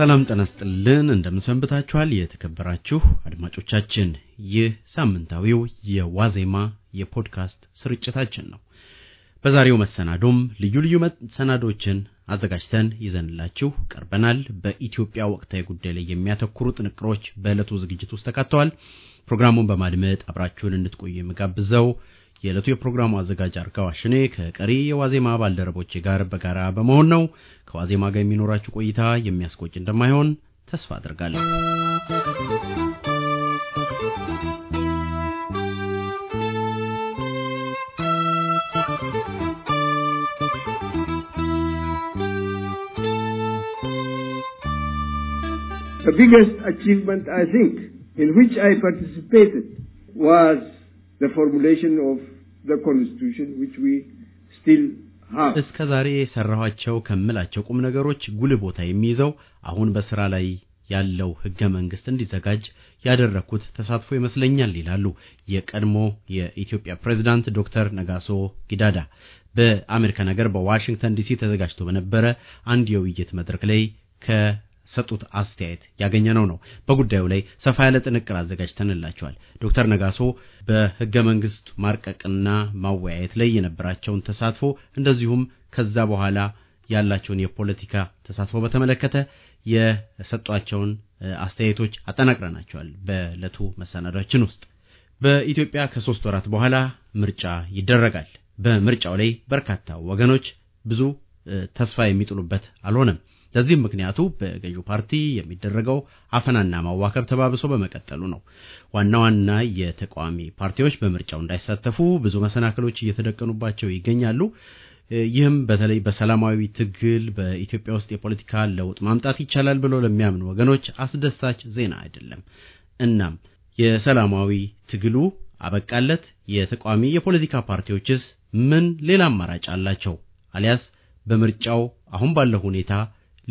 ሰላም ጠነስጥልን ይስጥልን። እንደምንሰንብታችኋል የተከበራችሁ አድማጮቻችን። ይህ ሳምንታዊው የዋዜማ የፖድካስት ስርጭታችን ነው። በዛሬው መሰናዶም ልዩ ልዩ መሰናዶችን አዘጋጅተን ይዘንላችሁ ቀርበናል። በኢትዮጵያ ወቅታዊ ጉዳይ ላይ የሚያተኩሩ ጥንቅሮች በዕለቱ ዝግጅት ውስጥ ተካተዋል። ፕሮግራሙን በማድመጥ አብራችሁን እንድትቆዩ የምጋብዘው የዕለቱ የፕሮግራሙ አዘጋጅ አርጋው አሽኔ ከቀሪ የዋዜማ ባልደረቦቼ ጋር በጋራ በመሆን ነው። ከዋዜማ ጋር የሚኖራችሁ ቆይታ የሚያስቆጭ እንደማይሆን ተስፋ አድርጋለሁ። The biggest achievement I think in which I participated was the formulation of the constitution which we still have እስከ ዛሬ የሰራኋቸው ከምላቸው ቁም ነገሮች ጉልህ ቦታ የሚይዘው አሁን በስራ ላይ ያለው ህገ መንግስት እንዲዘጋጅ ያደረኩት ተሳትፎ ይመስለኛል ይላሉ የቀድሞ የኢትዮጵያ ፕሬዝዳንት ዶክተር ነጋሶ ጊዳዳ በአሜሪካ ነገር በዋሽንግተን ዲሲ ተዘጋጅቶ በነበረ አንድ የውይይት መድረክ ላይ ከ ሰጡት አስተያየት ያገኘነው ነው። በጉዳዩ ላይ ሰፋ ያለ ጥንቅር አዘጋጅተንላቸዋል። ዶክተር ነጋሶ በህገ መንግስት ማርቀቅና ማወያየት ላይ የነበራቸውን ተሳትፎ እንደዚሁም ከዛ በኋላ ያላቸውን የፖለቲካ ተሳትፎ በተመለከተ የሰጧቸውን አስተያየቶች አጠናቅረናቸዋል በዕለቱ መሰናዷችን ውስጥ። በኢትዮጵያ ከሶስት ወራት በኋላ ምርጫ ይደረጋል። በምርጫው ላይ በርካታ ወገኖች ብዙ ተስፋ የሚጥሉበት አልሆነም። ለዚህም ምክንያቱ በገዢው ፓርቲ የሚደረገው አፈናና ማዋከብ ተባብሶ በመቀጠሉ ነው። ዋና ዋና የተቃዋሚ ፓርቲዎች በምርጫው እንዳይሳተፉ ብዙ መሰናክሎች እየተደቀኑባቸው ይገኛሉ። ይህም በተለይ በሰላማዊ ትግል በኢትዮጵያ ውስጥ የፖለቲካ ለውጥ ማምጣት ይቻላል ብሎ ለሚያምኑ ወገኖች አስደሳች ዜና አይደለም። እናም የሰላማዊ ትግሉ አበቃለት? የተቃዋሚ የፖለቲካ ፓርቲዎችስ ምን ሌላ አማራጭ አላቸው? አሊያስ በምርጫው አሁን ባለው ሁኔታ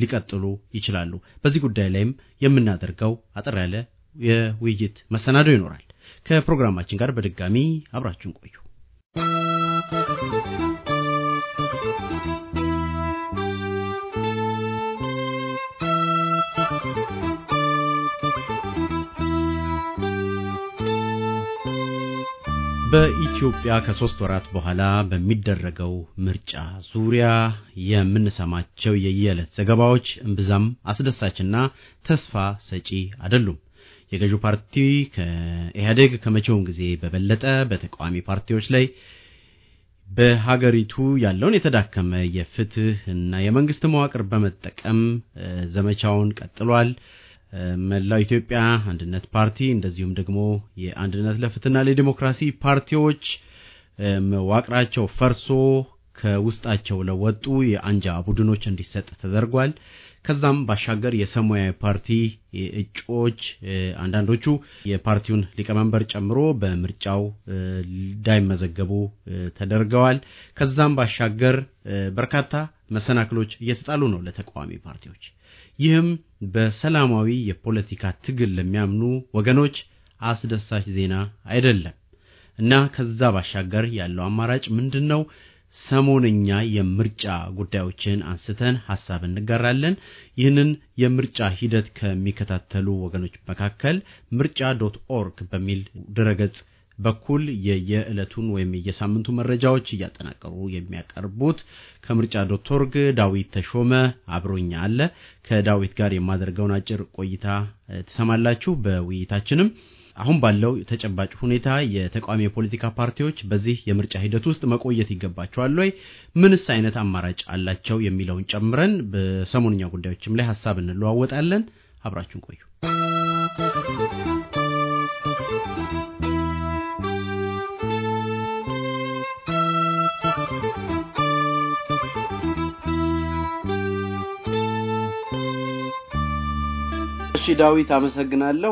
ሊቀጥሉ ይችላሉ። በዚህ ጉዳይ ላይም የምናደርገው አጠር ያለ የውይይት መሰናዶ ይኖራል። ከፕሮግራማችን ጋር በድጋሚ አብራችሁን ቆዩ። በኢትዮጵያ ከሶስት ወራት በኋላ በሚደረገው ምርጫ ዙሪያ የምንሰማቸው የየዕለት ዘገባዎች እምብዛም አስደሳችና ተስፋ ሰጪ አይደሉም። የገዢው ፓርቲ ከኢህአዴግ ከመቼውም ጊዜ በበለጠ በተቃዋሚ ፓርቲዎች ላይ በሀገሪቱ ያለውን የተዳከመ የፍትህ እና የመንግስት መዋቅር በመጠቀም ዘመቻውን ቀጥሏል። መላው ኢትዮጵያ አንድነት ፓርቲ እንደዚሁም ደግሞ የአንድነት ለፍትና ለዲሞክራሲ ፓርቲዎች መዋቅራቸው ፈርሶ ከውስጣቸው ለወጡ የአንጃ ቡድኖች እንዲሰጥ ተደርጓል። ከዛም ባሻገር የሰማያዊ ፓርቲ እጩዎች አንዳንዶቹ የፓርቲውን ሊቀመንበር ጨምሮ በምርጫው እንዳይመዘገቡ ተደርገዋል። ከዛም ባሻገር በርካታ መሰናክሎች እየተጣሉ ነው ለተቃዋሚ ፓርቲዎች። ይህም በሰላማዊ የፖለቲካ ትግል ለሚያምኑ ወገኖች አስደሳች ዜና አይደለም እና ከዛ ባሻገር ያለው አማራጭ ምንድን ነው? ሰሞነኛ የምርጫ ጉዳዮችን አንስተን ሀሳብ እንጋራለን። ይህንን የምርጫ ሂደት ከሚከታተሉ ወገኖች መካከል ምርጫ ዶት ኦርግ በሚል ድረገጽ በኩል የየዕለቱን ወይም የየሳምንቱ መረጃዎች እያጠናቀሩ የሚያቀርቡት ከምርጫ ዶት ኦርግ ዳዊት ተሾመ አብሮኛ አለ። ከዳዊት ጋር የማደርገውን አጭር ቆይታ ትሰማላችሁ። በውይይታችንም አሁን ባለው ተጨባጭ ሁኔታ የተቃዋሚ የፖለቲካ ፓርቲዎች በዚህ የምርጫ ሂደት ውስጥ መቆየት ይገባቸዋል ወይ? ምንስ አይነት አማራጭ አላቸው? የሚለውን ጨምረን በሰሞንኛ ጉዳዮችም ላይ ሀሳብ እንለዋወጣለን። አብራችሁን ቆዩ። እሺ ዳዊት አመሰግናለሁ።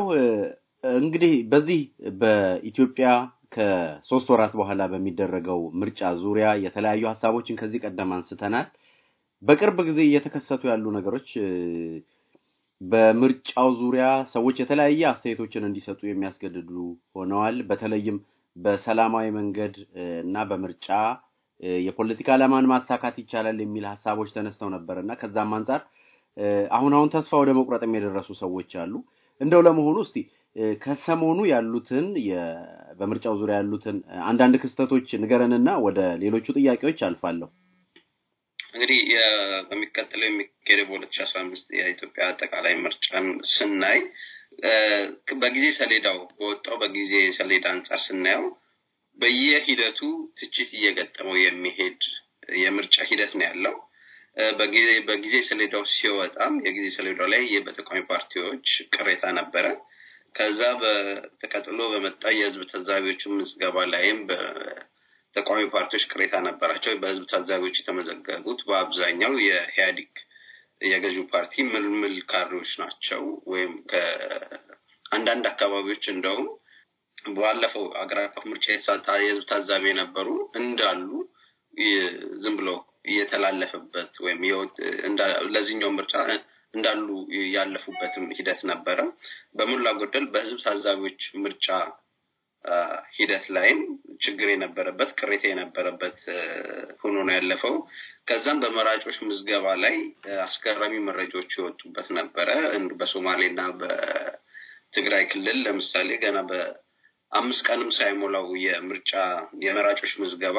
እንግዲህ በዚህ በኢትዮጵያ ከሶስት ወራት በኋላ በሚደረገው ምርጫ ዙሪያ የተለያዩ ሀሳቦችን ከዚህ ቀደም አንስተናል። በቅርብ ጊዜ እየተከሰቱ ያሉ ነገሮች በምርጫው ዙሪያ ሰዎች የተለያየ አስተያየቶችን እንዲሰጡ የሚያስገድዱ ሆነዋል። በተለይም በሰላማዊ መንገድ እና በምርጫ የፖለቲካ ዓላማን ማሳካት ይቻላል የሚል ሀሳቦች ተነስተው ነበር እና ከዛም አንጻር አሁን አሁን ተስፋ ወደ መቁረጥም የደረሱ ሰዎች አሉ። እንደው ለመሆኑ እስቲ ከሰሞኑ ያሉትን በምርጫው ዙሪያ ያሉትን አንዳንድ ክስተቶች ንገረንና ወደ ሌሎቹ ጥያቄዎች አልፋለሁ። እንግዲህ በሚቀጥለው የሚካሄደው በሁለት ሺህ አስራ አምስት የኢትዮጵያ አጠቃላይ ምርጫን ስናይ በጊዜ ሰሌዳው በወጣው በጊዜ ሰሌዳ አንጻር ስናየው በየሂደቱ ትችት እየገጠመው የሚሄድ የምርጫ ሂደት ነው ያለው። በጊዜ ሰሌዳው ሲወጣም የጊዜ ሰሌዳው ላይ በተቃዋሚ ፓርቲዎች ቅሬታ ነበረ። ከዛ በተቀጥሎ በመጣ የህዝብ ታዛቢዎች ምዝገባ ላይም በተቃዋሚ ፓርቲዎች ቅሬታ ነበራቸው። በህዝብ ታዛቢዎች የተመዘገቡት በአብዛኛው የኢህአዲግ የገዢ ፓርቲ ምልምል ካሪዎች ናቸው። ወይም ከአንዳንድ አካባቢዎች እንደውም ባለፈው አገር አቀፍ ምርጫ የህዝብ ታዛቢ የነበሩ እንዳሉ ዝም ብለው እየተላለፈበት ወይም ለዚህኛው ምርጫ እንዳሉ ያለፉበትም ሂደት ነበረ። በሙላ ጎደል በህዝብ ታዛቢዎች ምርጫ ሂደት ላይም ችግር የነበረበት ቅሬታ የነበረበት ሆኖ ነው ያለፈው። ከዛም በመራጮች ምዝገባ ላይ አስገራሚ መረጃዎች የወጡበት ነበረ። በሶማሌ እና በትግራይ ክልል ለምሳሌ ገና አምስት ቀንም ሳይሞላው የምርጫ የመራጮች ምዝገባ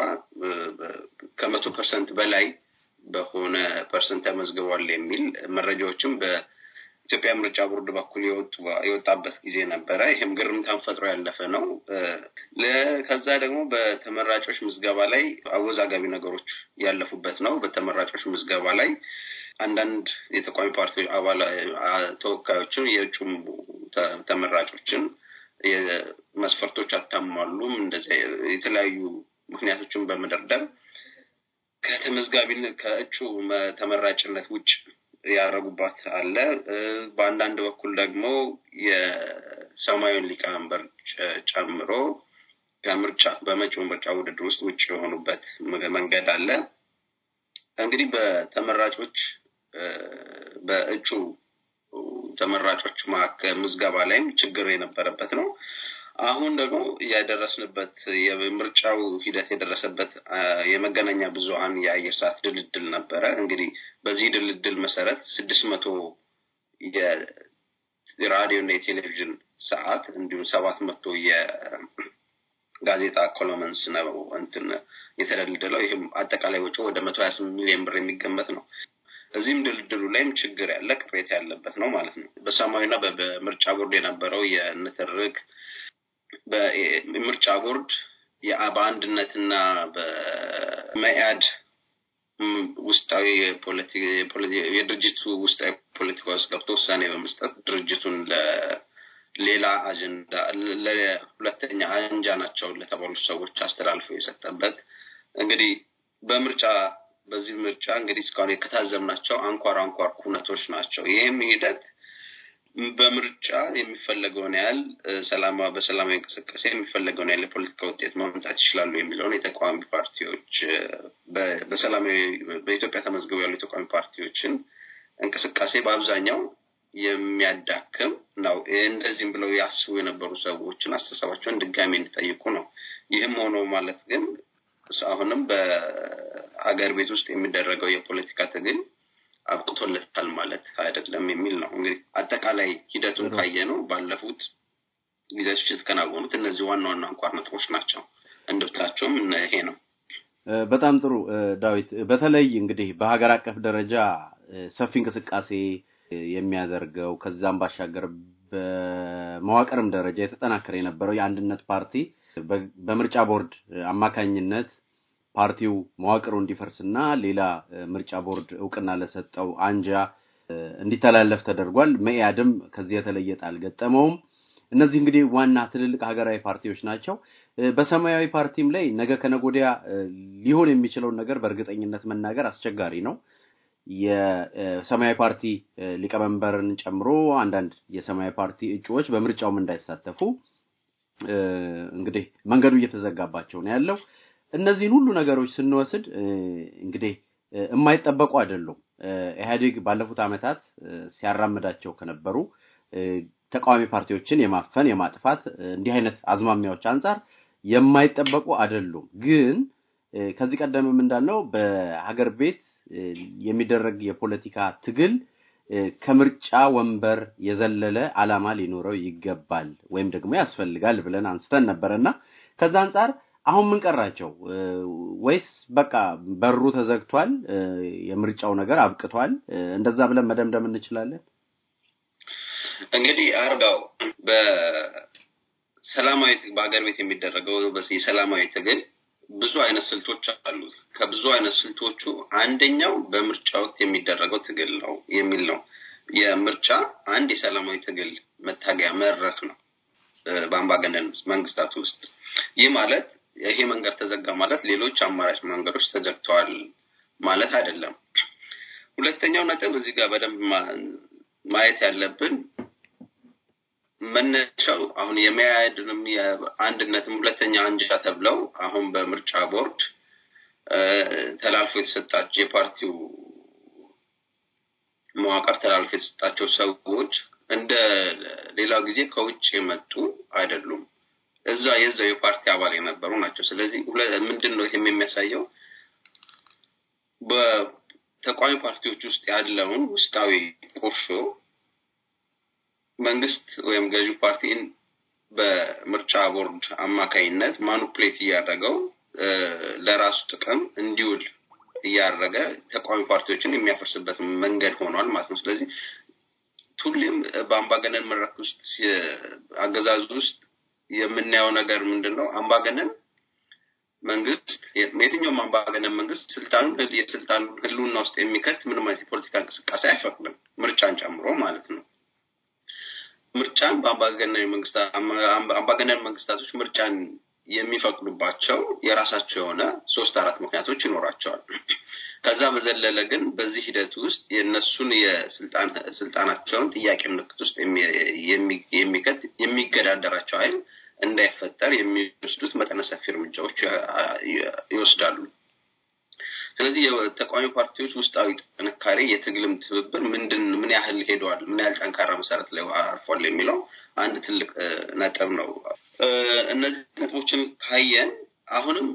ከመቶ ፐርሰንት በላይ በሆነ ፐርሰንት ተመዝግቧል የሚል መረጃዎችም በኢትዮጵያ ምርጫ ቦርድ በኩል የወጣበት ጊዜ ነበረ። ይህም ግርምታን ፈጥሮ ያለፈ ነው። ከዛ ደግሞ በተመራጮች ምዝገባ ላይ አወዛጋቢ ነገሮች ያለፉበት ነው። በተመራጮች ምዝገባ ላይ አንዳንድ የተቃዋሚ ፓርቲ አባላ ተወካዮችን የእጩም ተመራጮችን መስፈርቶች አታሟሉም፣ እንደዚያ የተለያዩ ምክንያቶችን በመደርደር ከተመዝጋቢነት ከእጩ ተመራጭነት ውጭ ያደረጉባት አለ። በአንዳንድ በኩል ደግሞ የሰማዩን ሊቀመንበር ጨምሮ ከምርጫ በመጪው ምርጫ ውድድር ውስጥ ውጭ የሆኑበት መንገድ አለ። እንግዲህ በተመራጮች በእጩ ተመራጮች ምዝገባ ላይም ችግር የነበረበት ነው። አሁን ደግሞ ያደረስንበት የምርጫው ሂደት የደረሰበት የመገናኛ ብዙሀን የአየር ሰዓት ድልድል ነበረ። እንግዲህ በዚህ ድልድል መሰረት ስድስት መቶ የራዲዮ እና የቴሌቪዥን ሰዓት እንዲሁም ሰባት መቶ የጋዜጣ ኮሎመንስ ነው እንትን የተደልደለው። ይህም አጠቃላይ ወጪ ወደ መቶ ሀያ ስምንት ሚሊዮን ብር የሚገመት ነው። እዚህም ድልድሉ ላይም ችግር ያለ ቅሬታ ያለበት ነው ማለት ነው። በሰማያዊና በምርጫ ቦርድ የነበረው የንትርክ ምርጫ ቦርድ በአንድነትና በመያድ ውስጣዊ የድርጅቱ ውስጣዊ ፖለቲካ ውስጥ ገብቶ ውሳኔ በመስጠት ድርጅቱን ለሌላ አጀንዳ ለሁለተኛ አንጃ ናቸው ለተባሉ ሰዎች አስተላልፎ የሰጠበት እንግዲህ በምርጫ በዚህ ምርጫ እንግዲህ እስካሁን ናቸው አንኳር አንኳር ኩነቶች ናቸው። ይህም ሂደት በምርጫ የሚፈለገውን ያህል ሰላማ በሰላማዊ እንቅስቃሴ የሚፈለገውን ያህል የፖለቲካ ውጤት ማምጣት ይችላሉ የሚለውን የተቃዋሚ ፓርቲዎች በሰላማዊ በኢትዮጵያ ተመዝግበው ያሉ የተቃዋሚ ፓርቲዎችን እንቅስቃሴ በአብዛኛው የሚያዳክም ነው። እንደዚህም ብለው ያስቡ የነበሩ ሰዎችን አስተሳባቸውን ድጋሚ እንዲጠይቁ ነው። ይህም ሆኖ ማለት ግን አሁንም በሀገር ቤት ውስጥ የሚደረገው የፖለቲካ ትግል አብቅቶለታል ማለት አይደለም የሚል ነው። እንግዲህ አጠቃላይ ሂደቱን ካየ ነው ባለፉት ጊዜዎች የተከናወኑት እነዚህ ዋና ዋና አንኳር ነጥቦች ናቸው። እንድብታቸውም ይሄ ነው። በጣም ጥሩ ዳዊት። በተለይ እንግዲህ በሀገር አቀፍ ደረጃ ሰፊ እንቅስቃሴ የሚያደርገው ከዛም ባሻገር በመዋቅርም ደረጃ የተጠናከረ የነበረው የአንድነት ፓርቲ በምርጫ ቦርድ አማካኝነት ፓርቲው መዋቅሩ እንዲፈርስና ሌላ ምርጫ ቦርድ እውቅና ለሰጠው አንጃ እንዲተላለፍ ተደርጓል። መኢአድም ከዚህ የተለየ አልገጠመውም። እነዚህ እንግዲህ ዋና ትልልቅ ሀገራዊ ፓርቲዎች ናቸው። በሰማያዊ ፓርቲም ላይ ነገ ከነጎዲያ ሊሆን የሚችለውን ነገር በእርግጠኝነት መናገር አስቸጋሪ ነው። የሰማያዊ ፓርቲ ሊቀመንበርን ጨምሮ አንዳንድ የሰማያዊ ፓርቲ እጩዎች በምርጫውም እንዳይሳተፉ እንግዲህ መንገዱ እየተዘጋባቸው ነው ያለው። እነዚህን ሁሉ ነገሮች ስንወስድ እንግዲህ የማይጠበቁ አይደሉም። ኢህአዴግ ባለፉት ዓመታት ሲያራምዳቸው ከነበሩ ተቃዋሚ ፓርቲዎችን የማፈን የማጥፋት እንዲህ አይነት አዝማሚያዎች አንጻር የማይጠበቁ አይደሉም። ግን ከዚህ ቀደምም እንዳልነው በሀገር ቤት የሚደረግ የፖለቲካ ትግል ከምርጫ ወንበር የዘለለ አላማ ሊኖረው ይገባል ወይም ደግሞ ያስፈልጋል ብለን አንስተን እና ከዛ አንጻር አሁን ምን ቀራቸው? ወይስ በቃ በሩ ተዘግቷል፣ የምርጫው ነገር አብቅቷል፣ እንደዛ ብለን መደምደም እንችላለን? እንግዲህ አርጋው በሰላማዊ በሀገር ቤት የሚደረገው የሰላማዊ ትግል ብዙ አይነት ስልቶች አሉት። ከብዙ አይነት ስልቶቹ አንደኛው በምርጫ ወቅት የሚደረገው ትግል ነው የሚል ነው። የምርጫ አንድ የሰላማዊ ትግል መታገያ መድረክ ነው በአምባገነን መንግስታት ውስጥ። ይህ ማለት ይሄ መንገድ ተዘጋ ማለት ሌሎች አማራጭ መንገዶች ተዘግተዋል ማለት አይደለም። ሁለተኛው ነጥብ እዚህ ጋር በደንብ ማየት ያለብን መነሻው አሁን የሚያድንም የአንድነትም ሁለተኛ አንጃ ተብለው አሁን በምርጫ ቦርድ ተላልፎ የተሰጣቸው የፓርቲው መዋቅር ተላልፎ የተሰጣቸው ሰዎች እንደ ሌላው ጊዜ ከውጭ የመጡ አይደሉም። እዛ የዛው የፓርቲ አባል የነበሩ ናቸው። ስለዚህ ምንድን ነው ይህም የሚያሳየው በተቃዋሚ ፓርቲዎች ውስጥ ያለውን ውስጣዊ ቁርሾ መንግስት ወይም ገዢ ፓርቲን በምርጫ ቦርድ አማካኝነት ማኑፕሌት እያደረገው ለራሱ ጥቅም እንዲውል እያደረገ ተቃዋሚ ፓርቲዎችን የሚያፈርስበት መንገድ ሆኗል ማለት ነው። ስለዚህ ሁሌም በአምባገነን መድረክ ውስጥ አገዛዝ ውስጥ የምናየው ነገር ምንድን ነው? አምባገነን መንግስት የትኛውም አምባገነን መንግስት ስልጣኑ የስልጣን ህልውና ውስጥ የሚከት ምንም አይነት የፖለቲካ እንቅስቃሴ አይፈቅድም፣ ምርጫን ጨምሮ ማለት ነው። ምርጫን በአምባገነን መንግስታቶች ምርጫን የሚፈቅዱባቸው የራሳቸው የሆነ ሶስት አራት ምክንያቶች ይኖራቸዋል። ከዛ በዘለለ ግን በዚህ ሂደት ውስጥ የእነሱን የስልጣናቸውን ጥያቄ ምልክት ውስጥ የሚከት የሚገዳደራቸው አይል እንዳይፈጠር የሚወስዱት መጠነ ሰፊ እርምጃዎች ይወስዳሉ። ስለዚህ የተቃዋሚ ፓርቲዎች ውስጣዊ ጥንካሬ፣ የትግልም ትብብር ምንድን ምን ያህል ሄደዋል፣ ምን ያህል ጠንካራ መሰረት ላይ አርፏል የሚለው አንድ ትልቅ ነጥብ ነው። እነዚህ ነጥቦችን ካየን አሁንም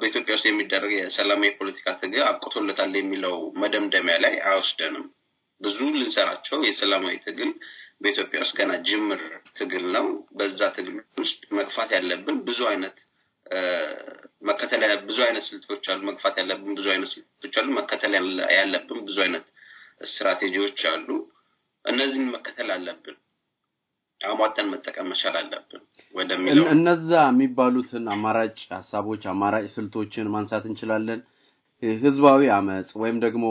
በኢትዮጵያ ውስጥ የሚደረግ የሰላማዊ የፖለቲካ ትግል አብቅቶለታል የሚለው መደምደሚያ ላይ አይወስደንም። ብዙ ልንሰራቸው የሰላማዊ ትግል በኢትዮጵያ ውስጥ ገና ጅምር ትግል ነው። በዛ ትግል ውስጥ መግፋት ያለብን ብዙ አይነት መከተል ብዙ አይነት ስልቶች አሉ። መግፋት ያለብን ብዙ አይነት ስልቶች አሉ። መከተል ያለብን ብዙ አይነት ስትራቴጂዎች አሉ። እነዚህን መከተል አለብን። አሟጠን መጠቀም መቻል አለብን ወደሚለው እነዛ የሚባሉትን አማራጭ ሀሳቦች አማራጭ ስልቶችን ማንሳት እንችላለን። ህዝባዊ አመፅ ወይም ደግሞ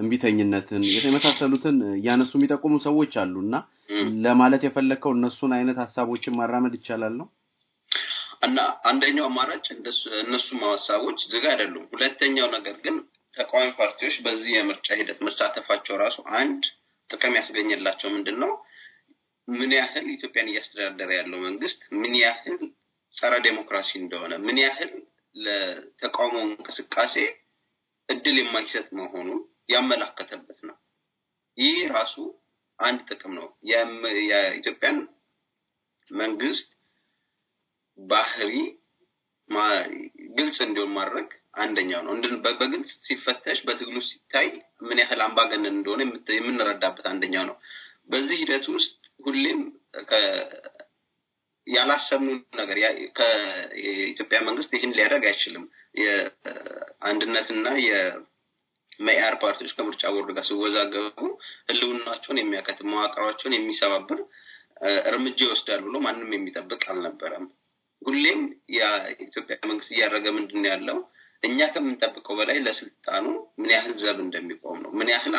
እንቢተኝነትን የመሳሰሉትን እያነሱ የሚጠቁሙ ሰዎች አሉ እና ለማለት የፈለግከው እነሱን አይነት ሀሳቦችን ማራመድ ይቻላል ነው። እና አንደኛው አማራጭ እነሱም ሀሳቦች ዝግ አይደሉም። ሁለተኛው ነገር ግን ተቃዋሚ ፓርቲዎች በዚህ የምርጫ ሂደት መሳተፋቸው ራሱ አንድ ጥቅም ያስገኝላቸው ምንድን ነው ምን ያህል ኢትዮጵያን እያስተዳደረ ያለው መንግስት ምን ያህል ጸረ ዴሞክራሲ እንደሆነ ምን ያህል ለተቃውሞ እንቅስቃሴ እድል የማይሰጥ መሆኑን ያመላከተበት ነው። ይህ ራሱ አንድ ጥቅም ነው። የኢትዮጵያን መንግስት ባህሪ ግልጽ እንዲሆን ማድረግ አንደኛው ነው። በግልጽ ሲፈተሽ በትግሉ ሲታይ ምን ያህል አምባገነን እንደሆነ የምንረዳበት አንደኛው ነው። በዚህ ሂደት ውስጥ ሁሌም ያላሰብኑ ነገር የኢትዮጵያ መንግስት ይህን ሊያደርግ አይችልም። የአንድነትና የመኢአድ ፓርቲዎች ከምርጫ ቦርድ ጋር ሲወዛገቡ ህልውናቸውን የሚያከት መዋቅራቸውን የሚሰባብር እርምጃ ይወስዳል ብሎ ማንም የሚጠብቅ አልነበረም። ሁሌም የኢትዮጵያ መንግስት እያደረገ ምንድን ያለው እኛ ከምንጠብቀው በላይ ለስልጣኑ ምን ያህል ዘብ እንደሚቆም ነው፣ ምን ያህል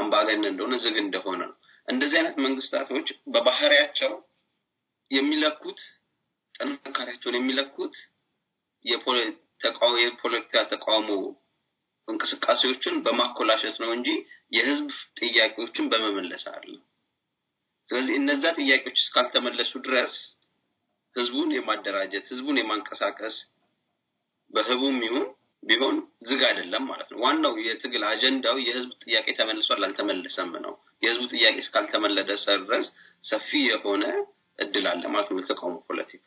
አምባገን እንደሆነ ዝግ እንደሆነ ነው። እንደዚህ አይነት መንግስታቶች በባህሪያቸው የሚለኩት ጥንካሬያቸውን የሚለኩት የፖለቲካ ተቃውሞ እንቅስቃሴዎችን በማኮላሸት ነው እንጂ የህዝብ ጥያቄዎችን በመመለስ አለ ስለዚህ እነዛ ጥያቄዎች እስካልተመለሱ ድረስ ህዝቡን የማደራጀት ህዝቡን የማንቀሳቀስ በህቡም ይሁን ቢሆን ዝግ አይደለም ማለት ነው። ዋናው የትግል አጀንዳው የህዝብ ጥያቄ ተመልሷል አልተመለሰም ነው። የህዝቡ ጥያቄ እስካልተመለሰ ድረስ ሰፊ የሆነ እድል አለ ማለት ነው የተቃውሞ ፖለቲካ።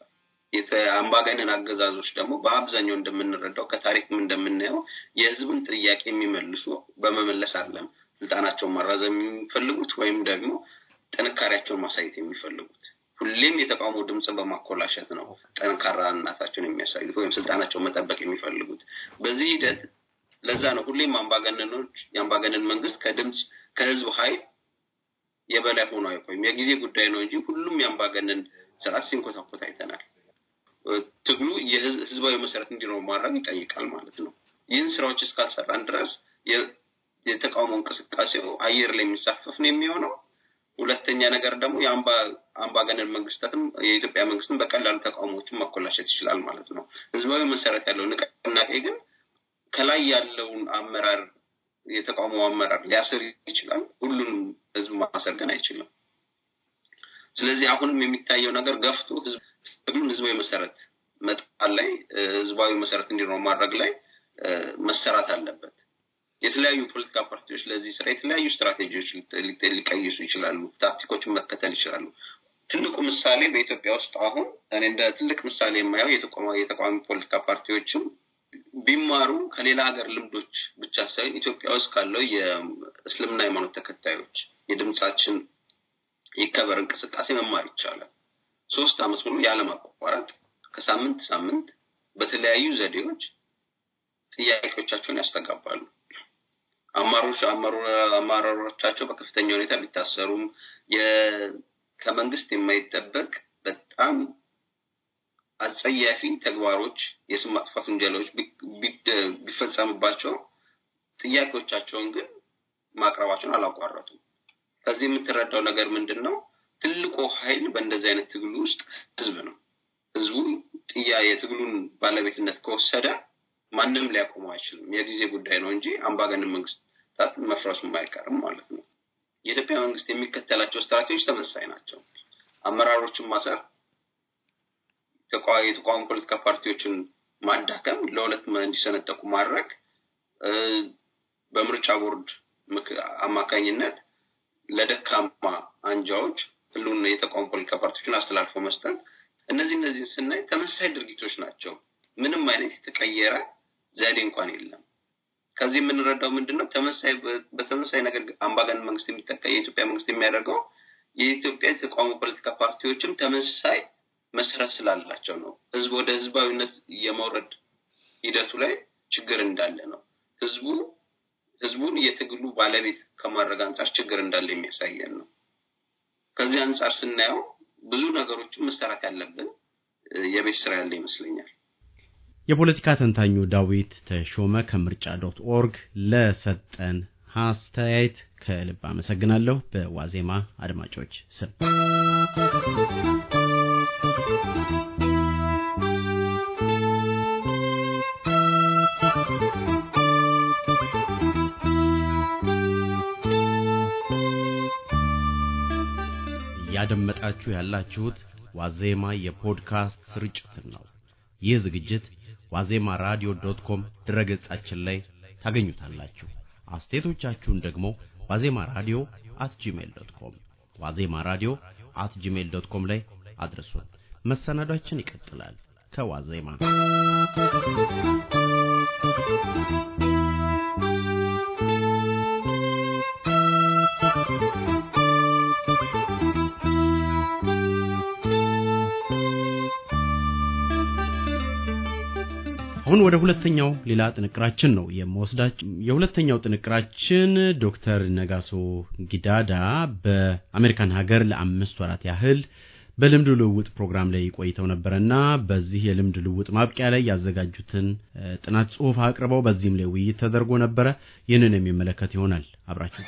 አምባገነን አገዛዞች ደግሞ በአብዛኛው እንደምንረዳው ከታሪክም እንደምናየው የህዝብን ጥያቄ የሚመልሱ በመመለስ አለም ስልጣናቸውን ማራዘም የሚፈልጉት ወይም ደግሞ ጥንካሬያቸውን ማሳየት የሚፈልጉት ሁሌም የተቃውሞ ድምፅን በማኮላሸት ነው ጠንካራነታቸውን የሚያሳዩት ወይም ስልጣናቸውን መጠበቅ የሚፈልጉት። በዚህ ሂደት ለዛ ነው ሁሌም አምባገነኖች የአምባገነን መንግስት ከድምፅ ከህዝብ ሀይል የበላይ ሆኖ አይቆይም። የጊዜ ጉዳይ ነው እንጂ ሁሉም የአምባገነን ስርዓት ሲንኮታኮት አይተናል። ትግሉ የህዝባዊ መሰረት እንዲኖር ማድረግ ይጠይቃል ማለት ነው። ይህን ስራዎች እስካልሰራን ድረስ የተቃውሞ እንቅስቃሴው አየር ላይ የሚሳፈፍ ነው የሚሆነው። ሁለተኛ ነገር ደግሞ የአምባገነን መንግስታትም የኢትዮጵያ መንግስትም በቀላሉ ተቃውሞዎችን መኮላሸት ይችላል ማለት ነው። ህዝባዊ መሰረት ያለው ንቅናቄ ግን ከላይ ያለውን አመራር የተቋሙ አመራር ሊያስር ይችላል። ሁሉንም ህዝብ ማሰር አይችልም። ስለዚህ አሁንም የሚታየው ነገር ገፍቶ ትግሉን ህዝባዊ መሰረት መጣል ላይ ህዝባዊ መሰረት እንዲኖረው ማድረግ ላይ መሰራት አለበት። የተለያዩ ፖለቲካ ፓርቲዎች ለዚህ ስራ የተለያዩ ስትራቴጂዎች ሊቀይሱ ይችላሉ፣ ታክቲኮችን መከተል ይችላሉ። ትልቁ ምሳሌ በኢትዮጵያ ውስጥ አሁን እኔ እንደ ትልቅ ምሳሌ የማየው የተቃዋሚ ፖለቲካ ፓርቲዎችም ቢማሩ ከሌላ ሀገር ልምዶች ብቻ ሳይሆን ኢትዮጵያ ውስጥ ካለው የእስልምና ሃይማኖት ተከታዮች የድምፃችን ይከበር እንቅስቃሴ መማር ይቻላል። ሶስት አመት ሙሉ ያለማቋረጥ ከሳምንት ሳምንት በተለያዩ ዘዴዎች ጥያቄዎቻቸውን ያስተጋባሉ። አማሮች አማራሮቻቸው በከፍተኛ ሁኔታ ቢታሰሩም ከመንግስት የማይጠበቅ በጣም አጸያፊ ተግባሮች፣ የስም ማጥፋት ወንጀሎች ቢፈጸምባቸው ጥያቄዎቻቸውን ግን ማቅረባቸውን አላቋረጡም። ከዚህ የምትረዳው ነገር ምንድን ነው? ትልቁ ኃይል በእንደዚህ አይነት ትግሉ ውስጥ ህዝብ ነው። ህዝቡ ጥያ የትግሉን ባለቤትነት ከወሰደ ማንም ሊያቆመ አይችልም። የጊዜ ጉዳይ ነው እንጂ አምባገነን መንግስታት መፍረሱም አይቀርም ማለት ነው። የኢትዮጵያ መንግስት የሚከተላቸው ስትራቴጂዎች ተመሳሳይ ናቸው። አመራሮችን ማሰር የተቃዋሚ ፖለቲካ ፓርቲዎችን ማዳከም፣ ለሁለት እንዲሰነጠቁ ማድረግ በምርጫ ቦርድ አማካኝነት ለደካማ አንጃዎች ሁሉን የተቃዋሚ ፖለቲካ ፓርቲዎችን አስተላልፎ መስጠት፣ እነዚህ እነዚህን ስናይ ተመሳሳይ ድርጊቶች ናቸው። ምንም አይነት የተቀየረ ዘዴ እንኳን የለም። ከዚህ የምንረዳው ምንድን ነው? በተመሳሳይ ነገር አምባገን መንግስት የሚጠቀ የኢትዮጵያ መንግስት የሚያደርገው የኢትዮጵያ የተቃዋሚ ፖለቲካ ፓርቲዎችም ተመሳሳይ መሰረት ስላላቸው ነው። ህዝብ ወደ ህዝባዊነት የመውረድ ሂደቱ ላይ ችግር እንዳለ ነው። ህዝቡ ህዝቡን የትግሉ ባለቤት ከማድረግ አንጻር ችግር እንዳለ የሚያሳየን ነው። ከዚህ አንጻር ስናየው ብዙ ነገሮችን መሰራት ያለብን የቤት ስራ ያለ ይመስለኛል። የፖለቲካ ተንታኙ ዳዊት ተሾመ ከምርጫ ዶት ኦርግ ለሰጠን አስተያየት ከልብ አመሰግናለሁ። በዋዜማ አድማጮች ስም እያደመጣችሁ ያላችሁት ዋዜማ የፖድካስት ስርጭትን ነው። ይህ ዝግጅት ዋዜማ ራዲዮ ዶት ኮም ድረገጻችን ላይ ታገኙታላችሁ። አስተያየቶቻችሁን ደግሞ ዋዜማ ራዲዮ አት ጂሜል ዶት ኮም ዋዜማ ራዲዮ አት ጂሜል ዶት ኮም ላይ አድርሱን። መሰናዷችን ይቀጥላል። ከዋዜማ Thank አሁን ወደ ሁለተኛው ሌላ ጥንቅራችን ነው የምወስዳችሁ። የሁለተኛው ጥንቅራችን ዶክተር ነጋሶ ጊዳዳ በአሜሪካን ሀገር ለአምስት ወራት ያህል በልምድ ልውውጥ ፕሮግራም ላይ ቆይተው ነበረና በዚህ የልምድ ልውውጥ ማብቂያ ላይ ያዘጋጁትን ጥናት ጽሁፍ አቅርበው በዚህም ላይ ውይይት ተደርጎ ነበረ። ይህንን የሚመለከት ይሆናል። አብራችሁ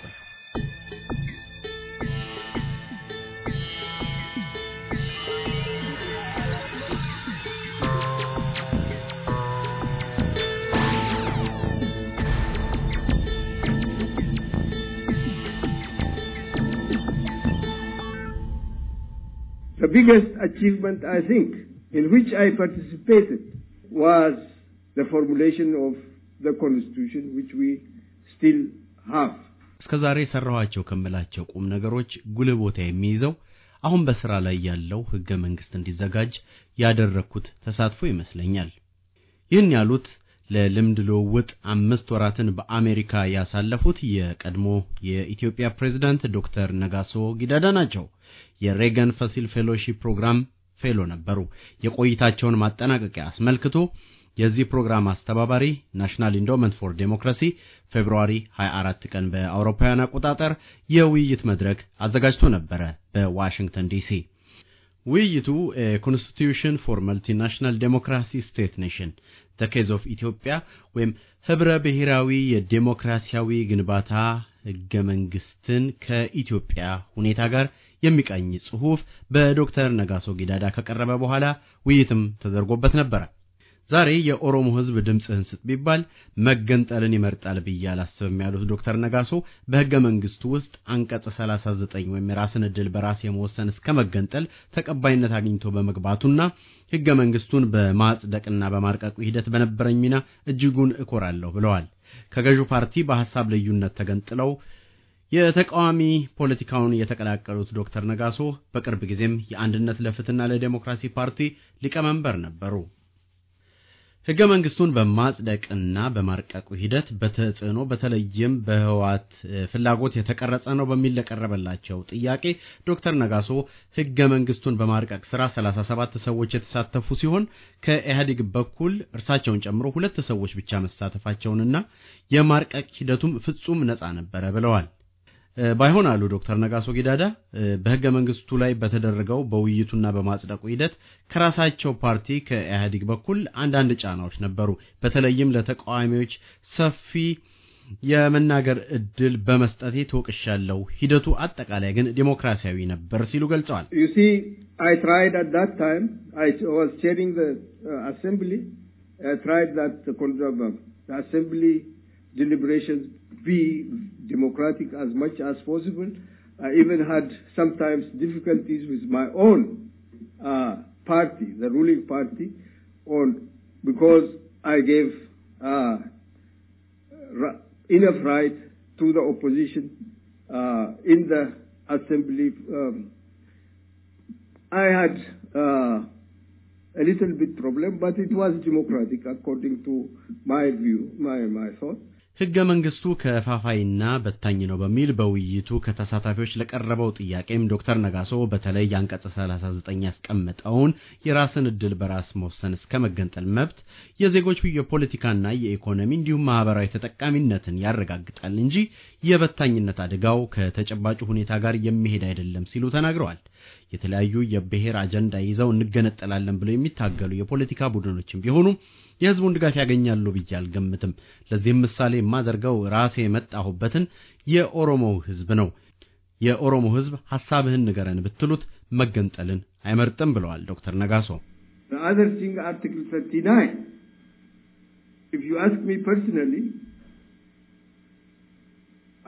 The biggest achievement, I think, in which I participated was the formulation of the constitution which we still have. እስከ ዛሬ ሰራኋቸው ከምላቸው ቁም ነገሮች ጉልህ ቦታ የሚይዘው አሁን በስራ ላይ ያለው ህገ መንግስት እንዲዘጋጅ ያደረኩት ተሳትፎ ይመስለኛል። ይህን ያሉት ለልምድ ልውውጥ አምስት ወራትን በአሜሪካ ያሳለፉት የቀድሞ የኢትዮጵያ ፕሬዝዳንት ዶክተር ነጋሶ ጊዳዳ ናቸው። የሬገን ፈሲል ፌሎሺፕ ፕሮግራም ፌሎ ነበሩ። የቆይታቸውን ማጠናቀቂያ አስመልክቶ የዚህ ፕሮግራም አስተባባሪ ናሽናል ኢንዶመንት ፎር ዴሞክራሲ ፌብርዋሪ 24 ቀን በአውሮፓውያን አቆጣጠር የውይይት መድረክ አዘጋጅቶ ነበረ በዋሽንግተን ዲሲ። ውይይቱ ኮንስቲትዩሽን ፎር መልቲናሽናል ዴሞክራሲ ስቴት ኔሽን ተኬዝ ኦፍ ኢትዮጵያ ወይም ህብረ ብሔራዊ የዴሞክራሲያዊ ግንባታ ህገ መንግስትን ከኢትዮጵያ ሁኔታ ጋር የሚቃኝ ጽሑፍ በዶክተር ነጋሶ ጊዳዳ ከቀረበ በኋላ ውይይትም ተደርጎበት ነበረ። ዛሬ የኦሮሞ ህዝብ ድምፅህን ስጥ ቢባል መገንጠልን ይመርጣል ብዬ አላስብም ያሉት ዶክተር ነጋሶ በህገ መንግስቱ ውስጥ አንቀጽ 39 ወይም የራስን እድል በራስ የመወሰን እስከ መገንጠል ተቀባይነት አግኝቶ በመግባቱና ህገ መንግስቱን በማጽደቅና በማርቀቁ ሂደት በነበረኝ ሚና እጅጉን እኮራለሁ ብለዋል። ከገዢው ፓርቲ በሀሳብ ልዩነት ተገንጥለው የተቃዋሚ ፖለቲካውን የተቀላቀሉት ዶክተር ነጋሶ በቅርብ ጊዜም የአንድነት ለፍትህና ለዴሞክራሲ ፓርቲ ሊቀመንበር ነበሩ። ሕገ መንግስቱን በማጽደቅና በማርቀቁ ሂደት በተጽዕኖ በተለይም በህወት ፍላጎት የተቀረጸ ነው በሚል ለቀረበላቸው ጥያቄ ዶክተር ነጋሶ ሕገ መንግስቱን በማርቀቅ ስራ 37 ሰዎች የተሳተፉ ሲሆን ከኢህአዴግ በኩል እርሳቸውን ጨምሮ ሁለት ሰዎች ብቻ መሳተፋቸውንና የማርቀቅ ሂደቱም ፍጹም ነፃ ነበረ ብለዋል። ባይሆን አሉ ዶክተር ነጋሶ ጊዳዳ በህገ መንግስቱ ላይ በተደረገው በውይይቱና በማጽደቁ ሂደት ከራሳቸው ፓርቲ ከኢህአዲግ በኩል አንዳንድ ጫናዎች ነበሩ። በተለይም ለተቃዋሚዎች ሰፊ የመናገር እድል በመስጠቴ ተወቅሻለሁ። ሂደቱ አጠቃላይ ግን ዴሞክራሲያዊ ነበር ሲሉ ገልጸዋል። You be democratic as much as possible. I even had sometimes difficulties with my own uh, party, the ruling party, on because I gave uh, enough right to the opposition uh, in the assembly. Um, I had uh, a little bit problem, but it was democratic according to my view, my my thought. ሕገ መንግስቱ ከፋፋይና በታኝ ነው በሚል በውይይቱ ከተሳታፊዎች ለቀረበው ጥያቄም ዶክተር ነጋሶ በተለይ አንቀጽ 39 ያስቀመጠውን የራስን ዕድል በራስ መወሰን እስከ መገንጠል መብት የዜጎች የፖለቲካና የኢኮኖሚ እንዲሁም ማህበራዊ ተጠቃሚነትን ያረጋግጣል እንጂ የበታኝነት አደጋው ከተጨባጩ ሁኔታ ጋር የሚሄድ አይደለም ሲሉ ተናግረዋል። የተለያዩ የብሔር አጀንዳ ይዘው እንገነጠላለን ብለው የሚታገሉ የፖለቲካ ቡድኖችም ቢሆኑ የህዝቡን ድጋፍ ያገኛሉ ብዬ አልገምትም። ለዚህም ምሳሌ የማደርገው ራሴ የመጣሁበትን የኦሮሞ ህዝብ ነው። የኦሮሞ ህዝብ ሐሳብህን ንገረን ብትሉት መገንጠልን አይመርጥም ብለዋል ዶክተር ነጋሶ። አርቲክል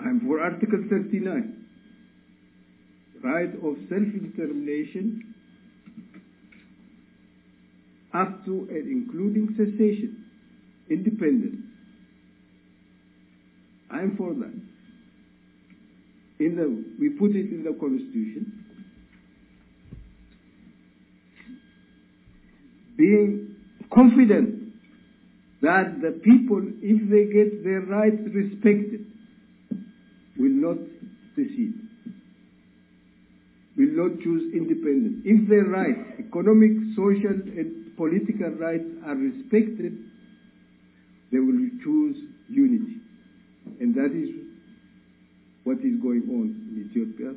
39 right of self-determination up to and including cessation, independence. I am for that. In the, we put it in the Constitution. Being confident that the people, if they get their rights respected, will not secede will not choose independence. If their rights, economic, social, and political rights are respected, they will choose unity. And that is what is going on in Ethiopia.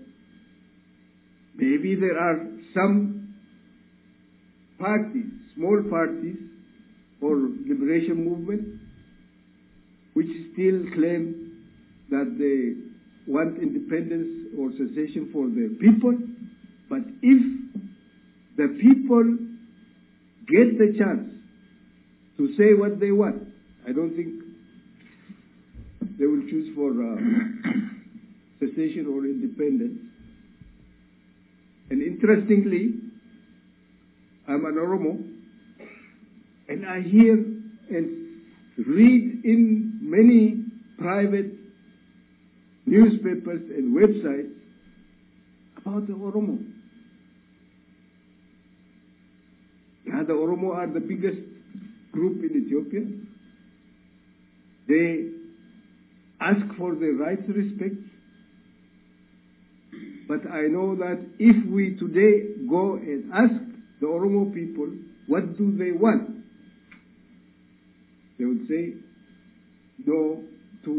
Maybe there are some parties, small parties, or liberation movement, which still claim that they want independence or secession for the people, but if the people get the chance to say what they want, I don't think they will choose for uh, secession or independence. And interestingly, I'm an Oromo, and I hear and read in many private newspapers and websites about the Oromo. Yeah, the Oromo are the biggest group in Ethiopia. They ask for their rights respect. But I know that if we today go and ask the Oromo people, what do they want? They would say, no to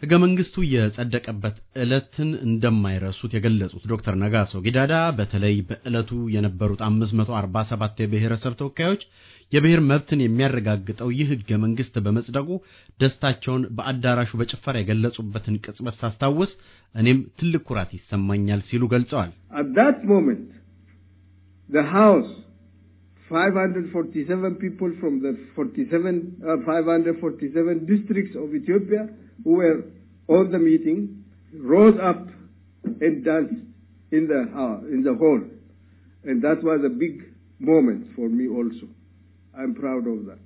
ህገ መንግስቱ የጸደቀበት ዕለትን እንደማይረሱት የገለጹት ዶክተር ነጋሶ ጊዳዳ በተለይ በዕለቱ የነበሩት 547 የብሔረሰብ ተወካዮች የብሔር መብትን የሚያረጋግጠው ይህ ህገ መንግስት በመጽደቁ ደስታቸውን በአዳራሹ በጭፈራ የገለጹበትን ቅጽበት ሳስታውስ እኔም ትልቅ ኩራት ይሰማኛል ሲሉ ገልጸዋል። 547 people from the 47, uh, 547 districts of Ethiopia who were on the meeting rose up and danced in the, uh, in the hall. And that was a big moment for me also. I'm proud of that.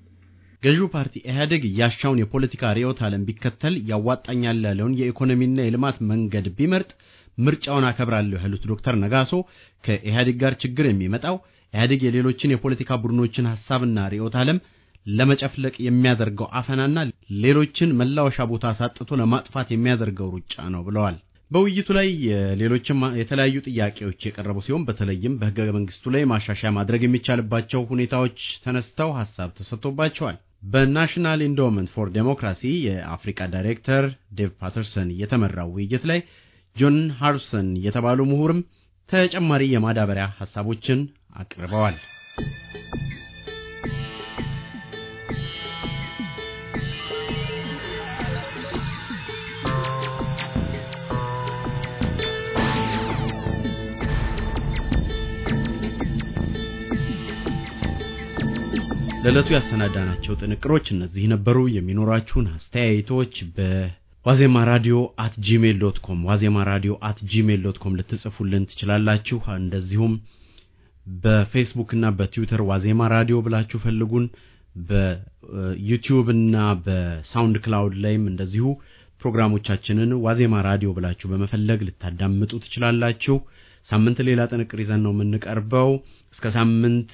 ገዢው ፓርቲ ኢህአዴግ ያሻውን የፖለቲካ ርዕዮተ ዓለም ቢከተል ያዋጣኛል ያለውን የኢኮኖሚና የልማት መንገድ ቢመርጥ ምርጫውን አከብራለሁ ያሉት ዶክተር ነጋሶ ከኢህአዴግ ጋር ችግር የሚመጣው ኢህአዴግ የሌሎችን የፖለቲካ ቡድኖችን ሐሳብና ርዕዮተ ዓለም ለመጨፍለቅ የሚያደርገው አፈናና ሌሎችን መላወሻ ቦታ አሳጥቶ ለማጥፋት የሚያደርገው ሩጫ ነው ብለዋል። በውይይቱ ላይ ሌሎችም የተለያዩ ጥያቄዎች የቀረቡ ሲሆን በተለይም በህገ መንግስቱ ላይ ማሻሻያ ማድረግ የሚቻልባቸው ሁኔታዎች ተነስተው ሀሳብ ተሰጥቶባቸዋል። በናሽናል ኢንዶመንት ፎር ዴሞክራሲ የአፍሪካ ዳይሬክተር ዴቭ ፓተርሰን የተመራው ውይይት ላይ ጆን ሃርሰን የተባሉ ምሁርም ተጨማሪ የማዳበሪያ ሀሳቦችን አቅርበዋል። ለዕለቱ ያሰናዳናቸው ጥንቅሮች እነዚህ ነበሩ። የሚኖራችሁን አስተያየቶች በዋዜማ ራዲዮ አት ጂሜል ዶት ኮም ዋዜማ ራዲዮ አት ጂሜል ዶት ኮም ልትጽፉልን ትችላላችሁ። እንደዚሁም በፌስቡክና በትዊተር ዋዜማ ራዲዮ ብላችሁ ፈልጉን። በዩቲዩብ እና በሳውንድ ክላውድ ላይም እንደዚሁ ፕሮግራሞቻችንን ዋዜማ ራዲዮ ብላችሁ በመፈለግ ልታዳምጡ ትችላላችሁ። ሳምንት ሌላ ጥንቅር ይዘን ነው የምንቀርበው። እስከ ሳምንት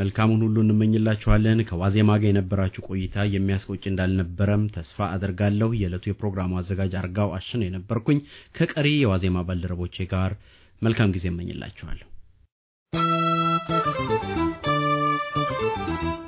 መልካሙን ሁሉ እንመኝላችኋለን። ከዋዜማ ጋር የነበራችሁ ቆይታ የሚያስቆጭ እንዳልነበረም ተስፋ አድርጋለሁ። የዕለቱ የፕሮግራሙ አዘጋጅ አርጋው አሽን የነበርኩኝ ከቀሪ የዋዜማ ባልደረቦቼ ጋር መልካም ጊዜ እመኝላችኋለሁ። ピッ